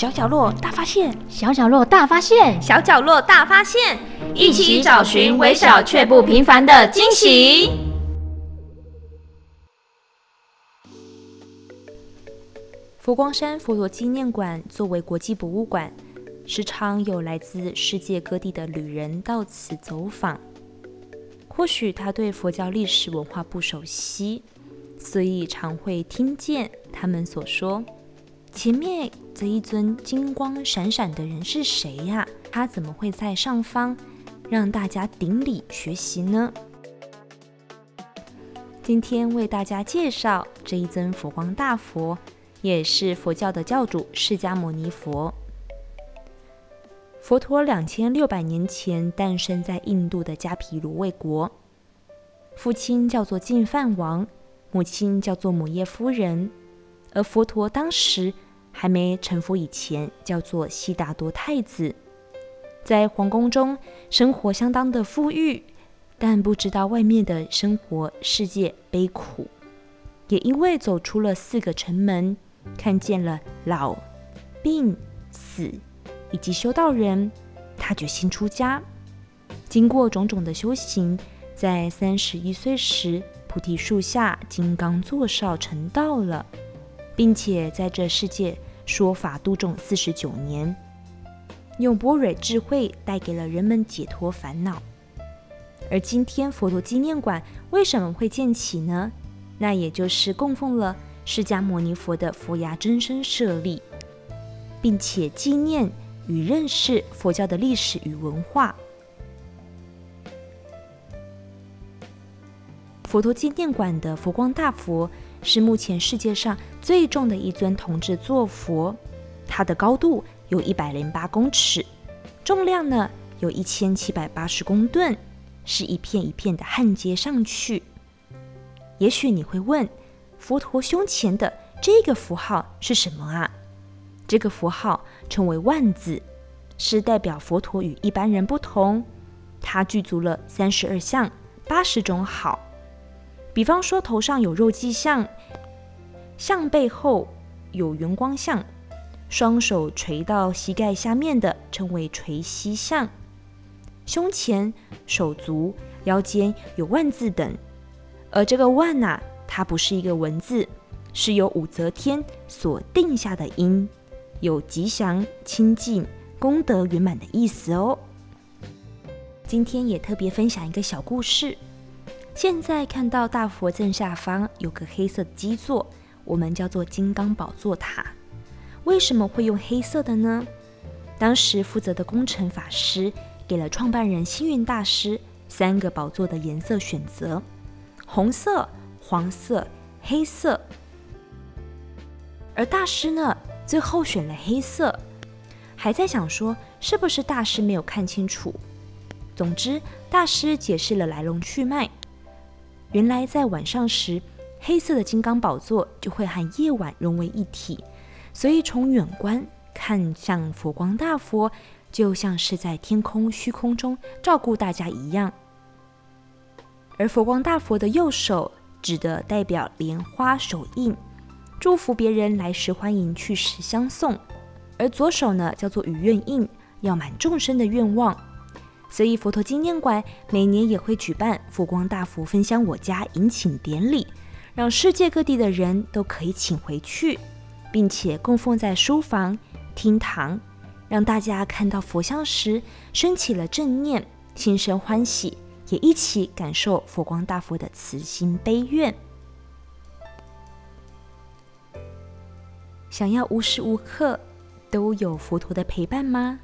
小角落大發現，小角落大發現，小角落大發現，一起找尋微小卻不平凡的驚喜。佛光山佛陀紀念館作為國際博物館，時常有來自世界各地的旅人到此走訪。或許他對佛教歷史文化不熟悉，所以常會聽見他們所說。前面這一尊金光閃閃的人是誰呀、啊？他怎麼會在上方讓大家頂禮學習呢？今天為大家介紹這一尊佛光大佛，也是佛教的教主釋迦牟尼佛。佛陀兩千六百年前誕生在印度的迦毗羅衛國，父親叫做淨飯王，母親叫做摩耶夫人，而佛陀當時，還沒成佛以前，叫做悉達多太子，在皇宮中生活相當的富裕，但不知道外面的生活世界悲苦。也因為走出了四個城門，看見了老、病、死，以及修道人，他決心出家。經過種種的修行，在三十一歲時，菩提樹下金剛座上成道了。並且在這世界說法度眾四十九年，用般若智慧帶給了人們解脫煩惱。而今天佛陀紀念館為什麼會建起呢？那也就是供奉了釋迦牟尼佛的佛牙真身舍利，並且紀念與認識佛教的歷史與文化。佛陀紀念館的佛光大佛是目前世界上最重的一尊銅製坐佛，它的高度有一百零八公尺，重量呢有一千七百八十公噸，是一片一片的焊接上去。也許你會問，佛陀胸前的這個符號是什麼啊？這個符號稱為萬字，是代表佛陀與一般人不同，他具足了三十二相、八十種好。比方說，頭上有肉髻相，相背後有圓光相，雙手垂到膝蓋下面的稱為垂膝相。胸前、手足、腰間有萬字等。而這個萬吶、啊，它不是一個文字，是由武則天所定下的音，有吉祥、清淨、功德圓滿的意思哦。今天也特別分享一個小故事。現在看到大佛正下方有個黑色的基座，我們叫做金剛寶座塔。為什麼會用黑色的呢？當時負責的工程法師給了創辦人星雲大師三個寶座的顏色選擇：紅色、黃色、黑色。而大師呢，最後選了黑色，還在想說是不是大師沒有看清楚。總之，大師解釋了來龍去脈。原來在晚上時，黑色的金剛寶座就會和夜晚融為一體，所以從遠觀看，像佛光大佛，就像是在天空虛空中照顧大家一樣。而佛光大佛的右手指的代表蓮花手印，祝福別人來時歡迎，去時相送；而左手呢，叫做與願印，要滿眾生的願望。所以，佛陀紀念館每年也會舉辦佛光大佛分香我家迎請典禮，讓世界各地的人都可以請回去，並且供奉在書房、廳堂，讓大家看到佛像時升起了正念，心生歡喜，也一起感受佛光大佛的慈心悲願。想要無時無刻都有佛陀的陪伴嗎？